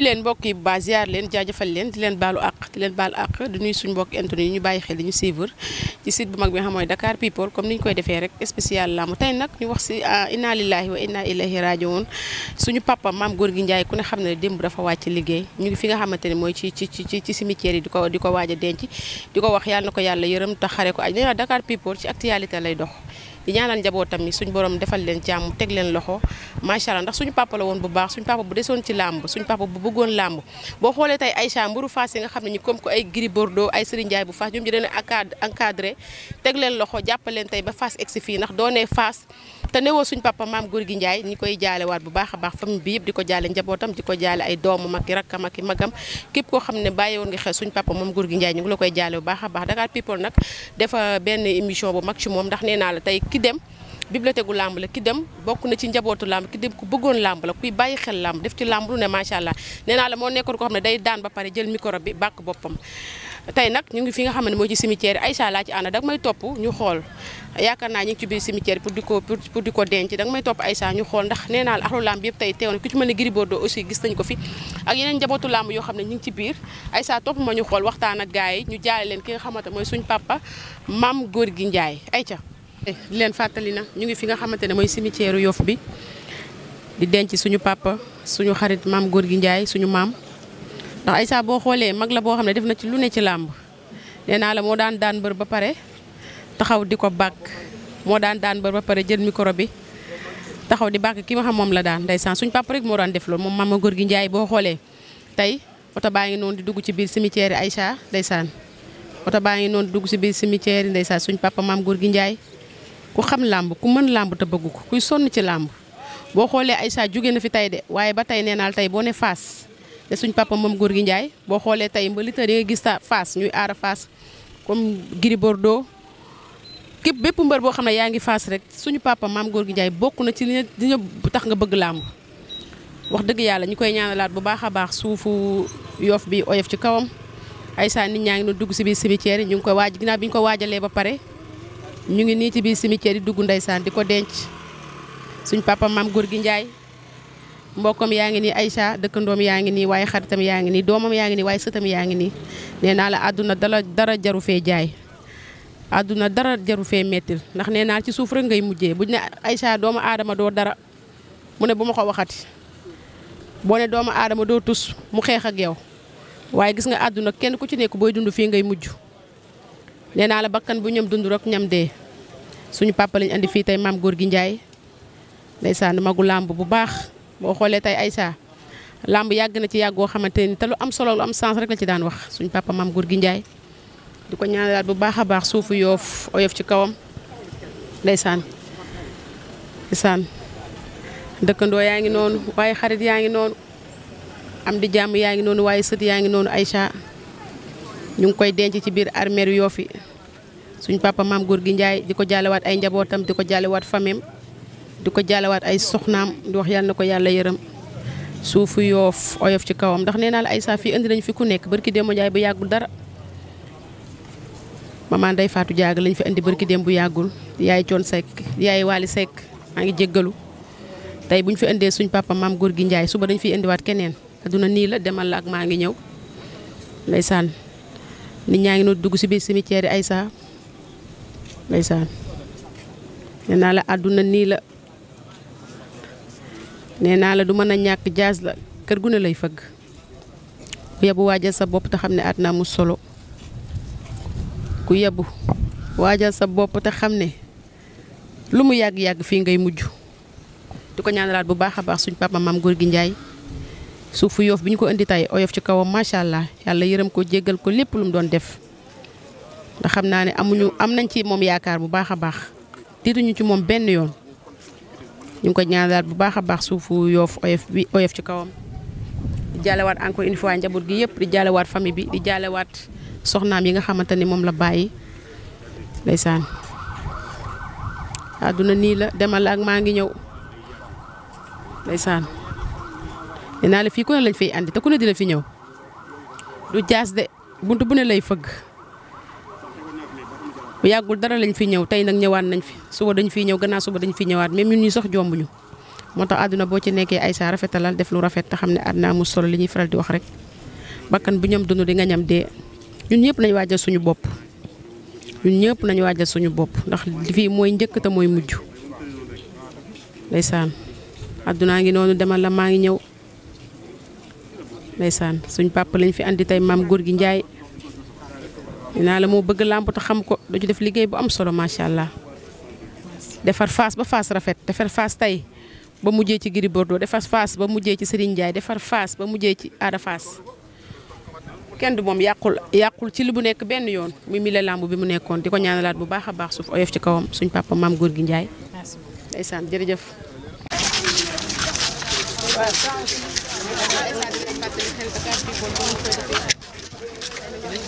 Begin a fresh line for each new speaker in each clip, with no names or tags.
di leen mbokk yi ba ziar leen jaajëfal leen di leen baalu àq di leen baalu àq di nuyu suñu mbokk internet yi ñu bàyyi xel di ñu suivre ci site bu mag bi nga xam mooy comme ni ñu koy defee rek spécial laamu tey nag ñu wax si ah, inna lillahi wa inna ilayhi rajiun suñu papa maam Gorgui Ndiaye ku ne xam ne démb dafa wàcc liggéey ñu ngi fi nga xamante ne mooy ci ci ci ci cimetière yi di ko di ko waaj a denc di ko wax yàlla na ko yàlla yërëm te xare ko aj Dakar People ci actualité lay dox li ñaanal njabootam yi suñ borom defal leen jàmm teg leen loxo macha allah ndax suñu papa woon bu baax suñu papa bu desoon ci làmb suñ papa bu bëggoon làmb boo xoolee tey Aïcha mburu Fass yi nga xam ne ñi comme ko ay Gris Bordeaux ay Serigne Ndiaye bu Fass ñoom ñu leen encadré teg leen loxo jàppaleen tey ba Fass egsi fii ndax doonee Fass te newoo suñ papa maam góor gi Ndiaye ñi koy jaale waat bu baax a baax famille bi yëpp di ko jaale njabootam di ko jaale ay doomu maki rakkam ak i magam képp koo xam ne bàyyi woon nga xel suñ papa moom góor gi Ndiaye ñu ngi la koy jaale bu baax a baax Dakar People nag dafa benn émission bu mag ci moom ndax nee naa la tey ki dem bibliothèque gu làmb la ki dem bokk na ci njabootu làmb ki dem ku bëggoon làmb la kuy bàyyi xel làmb def ci làmb lu ne macha allah nee naa la moo nekkoon koo xam ne day daan ba jël micro bi bàkk boppam tey nag ñu ngi fi nga xam ne moo ci cimetière Aïcha laa ci may topp ñu xool yaakaar naa ñu ci biir cimetière pour di ko pour di ko denc danga may topp Aïcha ñu xool ndax nee naa la axlu làmb yëpp ko fi ak yeneen njabootu làmb yoo xam ñu ngi ci biir Aïcha topp ñu xool waxtaan ak gars yi ñu jaale leen ki nga xamante mooy suñ papa maam góor gi Ndiaye Aïcha di leen fàttali na ñu ngi fi nga xamante ne mooy cimetière Yoff bi di denc suñu papa suñu xarit maam góor gi Ndiaye suñu maam ndax Aïcha boo xoolee mag la boo xam ne def na ci lu ne ci làmb nee naa la moo daan daan mbër ba pare taxaw di ko bàkk moo daan daan mbër ba pare jël micro bi taxaw di bàkk ki ma xam moom la daan ndeysaan suñ papa rek moo daan def loolu moom maama góor gi Njaay boo xoolee tey oto baa ngi noonu di dugg ci biir cimetière yi Aïcha ndeysaan oto baa ngi noonu di dugg ci biir cimetière yi ndeysaan suñ papa maam góor gi Njaay ku xam lamb ku mën làmb te bëgg ko kuy sonn ci làmb boo xoolee Aïcha jóge na fi tey de waaye ba tey nee naa tey boo ne faas te suñ papa moom góor gi Ndiaye boo xoolee tey mbalita di gis ta Fass ñuy aara Fass comme Gris Bordeaux képp bépp mbër boo xam ne yaa ngi Fass rek suñu papa maam góor gi Ndiaye bokk na ci li dina tax nga bëgg làmb wax dëgg yàlla ñu koy ñaanalaat bu baax a baax suufu yoof bi oyof ci kawam aysa nit ñaa ngi doon dugg si biir cimetière ñu ngi ko waaj ginnaaw bi ñu ko waajalee ba pare ñu ngi nii ci biir cimetière yi dugg ndeysaan di ko denc suñ papa gi Ndiaye mbokkam yaa ngi nii Aïcha dëkkandoom yaa ngi nii waaye xaritam yaa ngi nii doomam yaa ngi nii waaye sëtam yaa ngi nii nee naa la àdduna dala dara jaru fee jaay àdduna dara jaru fee mettil ndax nee naa ci suuf rek ngay mujjee buñ ne Aïcha doomu aadama doo dara mu ne bu ma ko waxati boo ne doomu aadama doo tus mu xeex ak yow waaye gis nga àdduna kenn ku ci nekk booy dund fii ngay mujj nee naa la bakkan bu ñam dund rek ñam dee suñu papa lañ indi fii tey maam góor gi Njaay ndeysaan magu làmb bu baax boo xoolee tey Aïcha làmb yàgg na ci yàgg yàggoo xamante ni te lu am solo lu am sens rek la ci daan wax suñ papa maam Gorgui Ndiaye di ko ñaanalaat bu baax a baax suufu yoof oyof ci kawam ndeysaan ndeysaan dëkkandoo yaa ngi noonu waaye xarit yaa ngi noonu am di jàmm yaa ngi noonu waaye sët yaa ngi noonu Aïcha ñu ngi koy denc ci biir armeeru yoof suñ papa maam Gorgui Ndiaye di ko jàllewaat ay njabootam di ko jàllewaat famem di ko jaalewaat ay soxnaam di wax yàlla na ko yàlla yërëm suufu yoof oyof ci kawam ndax nee naa la ay saa fii indi nañ fi ku nekk bërki dem démb njaay bu yàggul dara maman day faatu jaag lañ fi indi bërki dem bu yàggul yaay coon sekk yaay waali sekk maa ngi jéggalu tey bu ñu fi indee suñ papa maam góor gi njaay suba dañ fi indiwaat keneen adduna nii la demal la ak maa ngi ñëw ndeysaan nit ñaa ngi no dugg si biir cimetière yi ay saa ndeysaan nee naa la du mën a ñàkk jaas la kër gu ne lay fëgg ku yebu waajal sa bopp te xam ne at naa mu solo ku yebu waajal sa bopp te xam ne lu mu yàgg-yàgg fii ngay mujj di ko ñaanalaat bu baax a baax suñ papa maam góor gi Njaay suufu yoof bi ñu ko indi tay oyof ci kawam macha allah yàlla yërëm ko jéggal ko lépp lu mu doon def ndax xam naa ne amuñu am nañ ci moom yaakaar bu baax a baax tiituñu ci moom benn yoon ñu ngi ko ñaanal bu baax a baax suufu yoof oyof bi ci kawam di jaalewaat encore une fois njaboot gi yëpp di jaalewaat famille bi di jaalewaat soxnaam yi nga xamante ni moom la bàyyi ndeysaan àdduna nii la demal ak maa ngi ñëw ndeysaan nee naa la fii ku ne lañ fay àndi te ku ne dina fi ñëw du jaas de bunt bu ne lay fëgg bu yàggul dara lañ fi ñëw tey nag ñëwaat nañ fi suba dañ fi ñëw gannaaw suba dañ fi ñëwaat même ñun ñu sax ñu moo tax àdduna boo ci nekkee ay saa def lu rafet te xam ne àdduna amul solo li ñuy faral di wax rek bakkan bu ñam dund di nga ñam de ñun ñëpp nañ waajal suñu bopp ñun ñëpp nañ waajal suñu bopp ndax fii mooy njëkk te mooy mujj ndeysaan àddunaa ngi noonu demal la maa ngi ñëw ndeysaan suñ papa lañ fi andi tey maam góor gi Njaay nee la moo bëgg làmb te xam ko da ci def liggéey bu am solo macha allah. defar face ba fas rafet defar face tey ba mujjee ci Gris Bordeaux defar face ba mujjee ci Serigne Ndiaye defar face ba mujjee ci Ada Fass kenn du moom yàqul yàqul ci li bu nekk benn yoon muy mille lamb bi mu nekkoon di ko ñaanalaat bu baax a baax suuf oyof ci kawam suñ papa maam góor gi Ndiaye. ndeysaan jërëjëf. waaw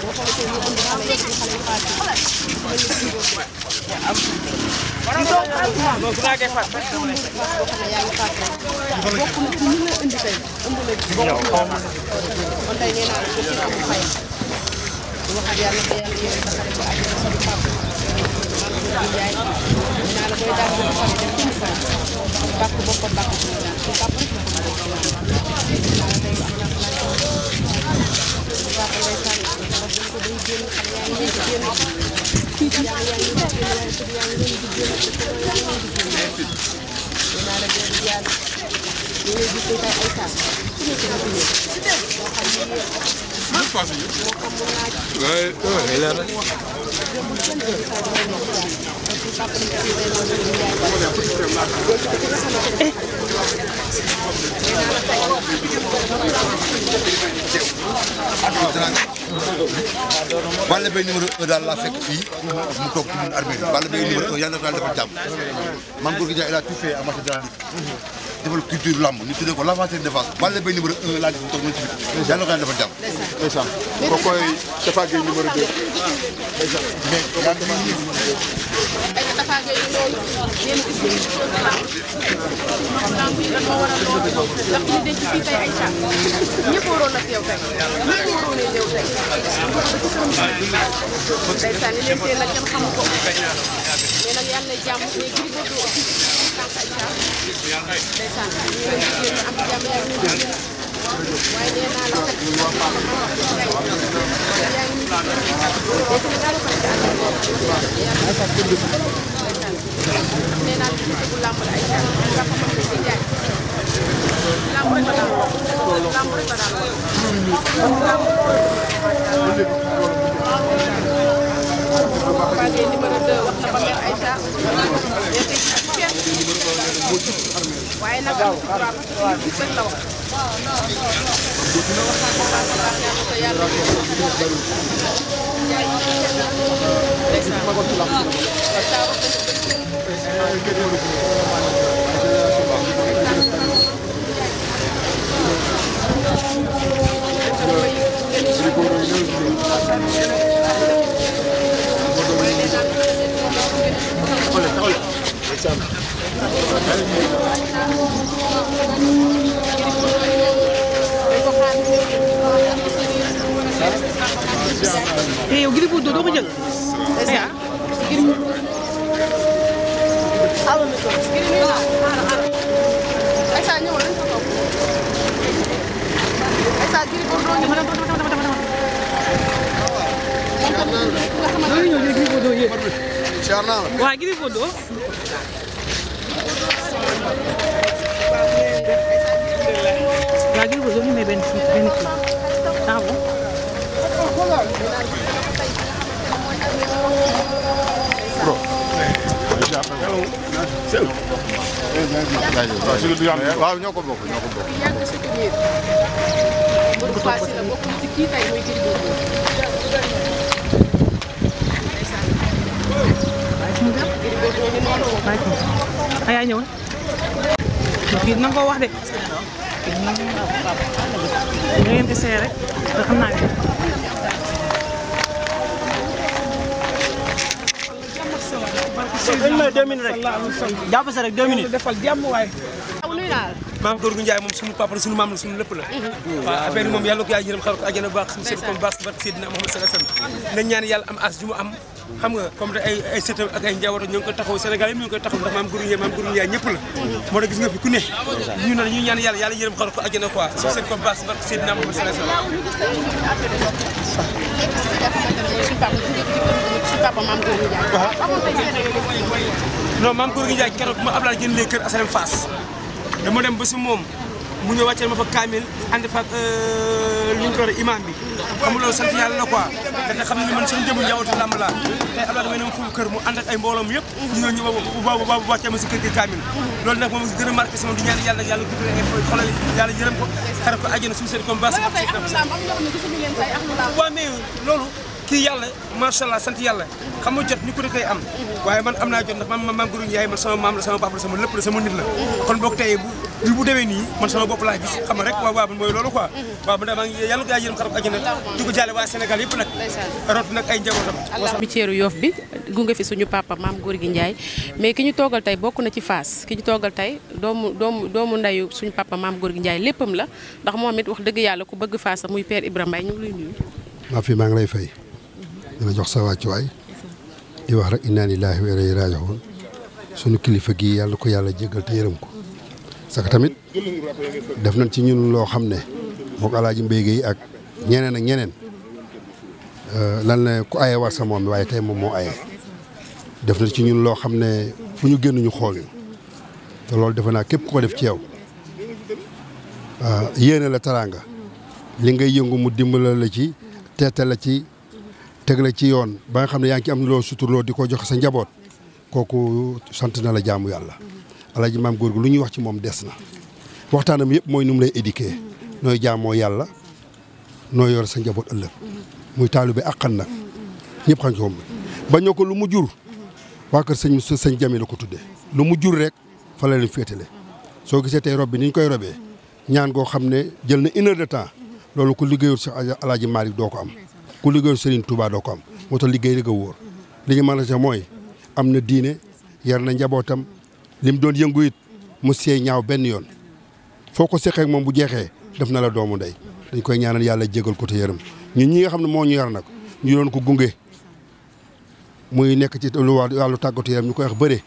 boo ko defee ñu indi xale yi xale yi paase
yi. waaye
waaye leer na
Balla Gaye numéro 1 daal laa fekk fii mu toog ci ñun armée bi Balla Gaye numéro 1 yàlla na ko yàlla defal jàmm man góor gi Dia a defal culture lamb ñu tuddee ko l'avancée de Fass Balla Gaye numéro 1 laa gis mu toog noonu ci biir yàlla na ko defal jàmm. ndeysaan ko koy Tapha Gueye numéro 2. ndeysaan mais
yaa ngi nii ñëpp waroon na teew tey ñëpp waroon na teew tey ndeysaan li leen teel nag kenn xamu ko mais nag yàlla na jàmm mais Gris Bordeaux aussi sànq ay saaf. ndeysaan yéen a ngi am jàmm yaa ngi ñu waaye nee naa la kat yaa ngi nee naa la bu làmb la ay saaf nga ko mën si jaay làmb rek la làmb rek la
numéro 2 wax na ba mel ay saaf boo ci armée waaye nag am na parce que nit ku benn la wax. non non non.
te yow Gris Bordeaux doo ko jël.
waaw Gris Bordeaux
Raju was only maybe in 20. That Bro.
waaw ñoo ko bokk ñoo ko bokk.
waaw yaa ñëwoon. kii dina ko wax de kii dina ko
wax da ngeen essayé rek te xam naa
ne deux minutes rek jàpp sa rek deux
minutes defal jàmm waay maam góor gu Ndiaye moom suñu papa la suñu maam la suñu lépp la mm-hmm. waaw affaire yi moom yàlla ko yaay yërëm xar ko àjjana bu baax suñu sëriñ bu baax barke Seydina Muhammad sallallahu alayhi wasallam nañ ñaan yàlla am as ju mu am xam nga comme te ay ay sëtam ak ay njabootam ñu ngi ko taxaw Sénégal yi ñu ngi koy taxaw ndax maam Gourou Ndiaye maam Gourou Ndiaye ñëpp la moo tax gis nga fi ku ñu ne ñu ñaan yàlla yàlla yërëm xar ko àjjana quoi su ko baas barke Seydina maam Gourou Ndiaye keroog bu ma Ablaye jëndee kër asalem Fass dama dem ba si moom mu ñëw wàcceel ma fa kaamil ànd fa euh, lu ñu bi xam nga loolu sant yàlla la quoi da nga xam ne man suñu jëmu njabootu làmb laa tey Abdoulaye may na ma yëpp ñu ñëw ñu wàccee ma si kër gi kaamil loolu nag moom gën a marqué sama du ñaan yàlla nag yàlla gudd ay xolal yàlla yërëm ko xare ko àjjana suñu kii yàlla macha sant yàlla xam nga jot ñu ko koy am waaye man am naa jot ndax man maam Gouroune Ndiaye man sama maam la sama papa la sama lépp la sama nit la kon boog tey bu li bu demee nii man sama bopp laa gis xam nga rek waaw waaw mooy loolu quoi mhm. waaw man damaa ngi ko yàlla yërëm xaral ko àjjana di ko jaale waa Sénégal yëpp nag rot
nag yoof bi gunge fi suñu papa maam góor gi njaay mais ki ñu toogal tey bokk na ci Fass ki ñu toogal tey doomu doomu doomu ndayu suñu papa maam góor gi njaay léppam la ndax moom it wax dëgg yàlla ku bëgg sa muy père Ibrahima Mbaye ñu ngi lay
nuyu fi maa ngi lay fay dina jox sa wàccuwaay di wax kilifa gi yàlla ko yàlla jégal te parce tamit def nañ ci ñun loo xam ne mook alaaji mbéy gi ak ñeneen ak ñeneen euh, lan la ku aye war sa moom waaye tey moom moo aye def na ci ñun loo xam ne fu ñu génn ñu xool te loolu defe naa képp koo def ci yow euh, yéene la taraanga li ngay yëngu mu dimbala la ci teete la ci teg la ci yoon ba nga xam ne yaa ngi ci am loo suturloo di ko jox sa njaboot kooku sant na la jaamu yàlla. alaaji maam góor gu lu ñuy wax ci moom des na waxtaanam yëpp mooy nu mu lay éduquer nooy jaamoo yàlla noo yor sa njaboot ëllëg muy taalibe àqan nag ñëpp xam ci moom ba ñoo ko lu mu jur waa kër sëñ sëñ Jami la ko tuddee lu mu jur rek fa la leen soo gisee tey rob bi ni koy robee ñaan goo xam ne jël na une heure de temps loolu ku liggéeyul si alaaji Maalik doo ko am ku liggéeyul Serigne Touba doo ko am moo tax liggéey rek a wóor li ñu mën a mooy am na diine yar na njabootam. lim doon yëngu it mu seey ñaaw benn yoon foo ko seqee moom bu jeexee def na la doomu ndey dañ koy ñaanal yàlla jégal ko te yërëm ñun ñi nga xam ne moo ñu yar nag ñu doon ko gunge muy nekk ci lu wàllu tàggatu yaram ñu koy wax bëre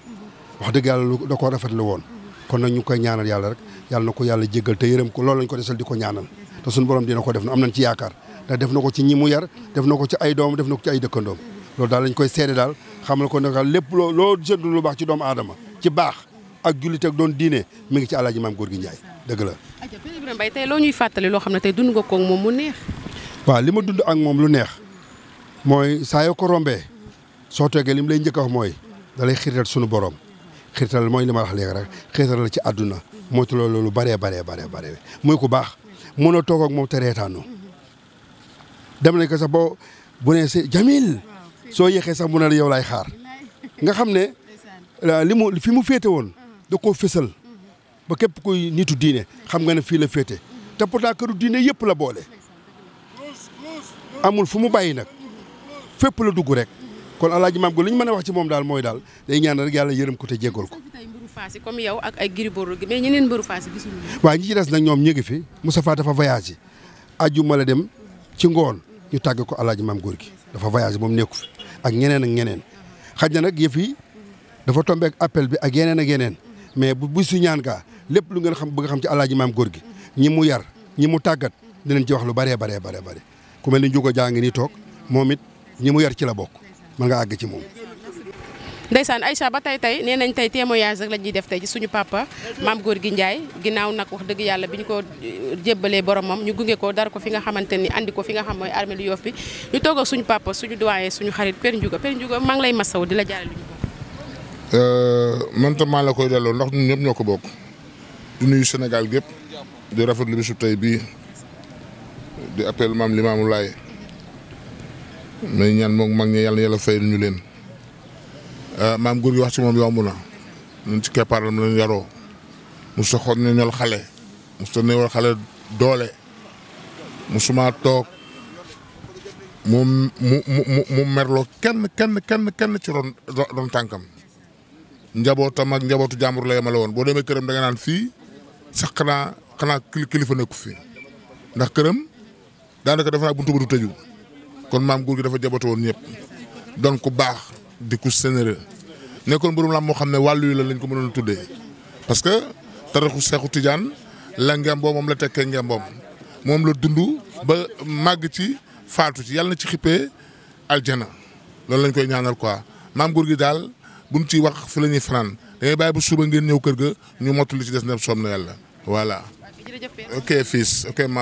wax dëgg yàlla da koo rafetlu woon kon nag ñu koy ñaanal yàlla rek yàlla na ko yàlla jégal te yërëm ko lool lañ ko desal ñaanal suñu borom dina ko def na am nañ ci yaakaar ndax def na ko ci ñi mu yar def na ko ci ay doom def na ko ci ay dëkkandoom loolu daal dañ koy seede daal xamal ko ne lépp loo loo jënd lu baax ci doomu aadama ci baax ak jullit ak doon diine mi ngi ci alaaji maam góor gi Njaay dëgg la.
ayca loo ñuy fàttali loo xam ne tey dund nga koog moom mu neex.
waaw li ma dund ak moom lu neex mooy saa yoo ko rombee soo toogee li mu lay njëkk a wax mooy da lay sunu borom xiirtal mooy li ma wax léegi rek xiirtal la ci àdduna moytu loolu lu baree baree baree baree muy ku baax mënoo toog ak moom te reetaanoo dem nañ ko sax boo bu si Jamil soo yéexee sax mu la yow laay xaar xam ne. li mu fi mu féete woon da koo fésal ba képp kuy nitu diine xam nga ne fii la féete te pourtant këru diine yëpp la boole amul fu mu bàyyi nag fépp la dugg rek kon alaaji maam go li ñu mën a wax ci moom daal mooy daal day ñaan rek yàlla yërëm ko te ko.
Fass comme yow ak ay Gris Bordeaux gi mais ñeneen mbëru Fass gisuñu
waaw ci des nag ñoom ñu ngi fi Moustapha dafa voyagé ajjuma la dem ci ngoon ñu tàgg ko alaaji maam góor dafa voyagé moom nekku fi ak ñeneen ak ñeneen xaj nag yëf dafa tombeek appel bi ak yeneen ak yeneen mais bu bu si ñaan gaa lépp lu ngeen xam bëgg xam ci alaaji maam góor gi ñi mu yar ñi mu tàggat dinañ ci wax lu bëree baree baree bëri ku mel ni Ndiouga Dia ngi ni toog moom it ñi mu yar ci la bokk mën nga àgg ci moom.
Ndeysaan Aïcha ba tey tey nee nañ tey témoignage rek la ñuy def tey suñu papa maam góor gi njaay ginnaaw nag wax dëgg yàlla bi ñu ko euh, jébbalee boromam ñu gunge ko dara ko fi nga xamante ni andi ko fi nga xam mooy armée lu Yoff suñu papa suñu doyen suñu xarit Père Ndiouga Père Ndiouga maa ngi lay masaw di la jaarale
Euh, man tam maa la koy delloo ndax ñun ñëpp ñoo ko bokk du nuyu Sénégal gépp di rafetlu bisu tey bii di appel maam Limaamu Laay may ñaan moom mag ñi yàlla yàlla fay ñu leen euh, maam góor gi wax ci moom yomb na la ci keppaaram lañ yaroo musta xool ne ñol xale musta newal xale doole mu musuma toog mu mu mu mu merloo kenn kenn kenn kenn ci ron ron njabootam ak njabootu jàmbur la yemale woon boo demee këram da nga naan fii sax xanaa xanaa kilifa nekku fi ndax këram daanaka dafa naa buntu ba du tëju kon maam góor gi dafa jaboote woon ñëpp doon ku baax di ku généreux nekkoon borom lam moo xam ne wàllu yi la lañ ko mënoon tuddee parce que taraxu seexu tijaan la ngemboom moom la tekkee ngemboom moom la dund ba màgg ci faatu ci yàlla na ci xippee aljana loolu lañ koy ñaanal quoi maam góor gi daal buñ ciy wax fi la ñuy fanaan dangay bàyyi ba suba ngeen ñëw kër ga ñu motu li ci des ndem soom na yàlla voilà. ok fils ok ma.